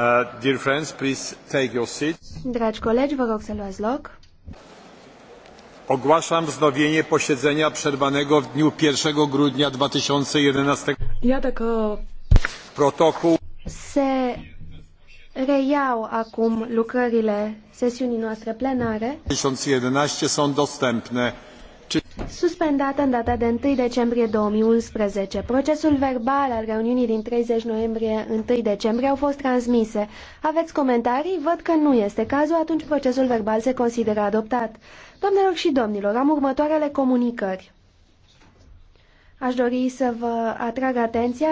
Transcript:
Uh, dear friends, please take your seats. Dragi colegi, vă rog să luați loc. Ogłaszam wznowienie posiedzenia przerwanego w dniu 1 grudnia 2011. Iată protocol se reiau acum lucrările sesiunii noastre plenare. 2011 sunt dostępne suspendată în data de 1 decembrie 2011. Procesul verbal al reuniunii din 30 noiembrie 1 decembrie au fost transmise. Aveți comentarii? Văd că nu este cazul, atunci procesul verbal se consideră adoptat. Doamnelor și domnilor, am următoarele comunicări. Aș dori să vă atrag atenția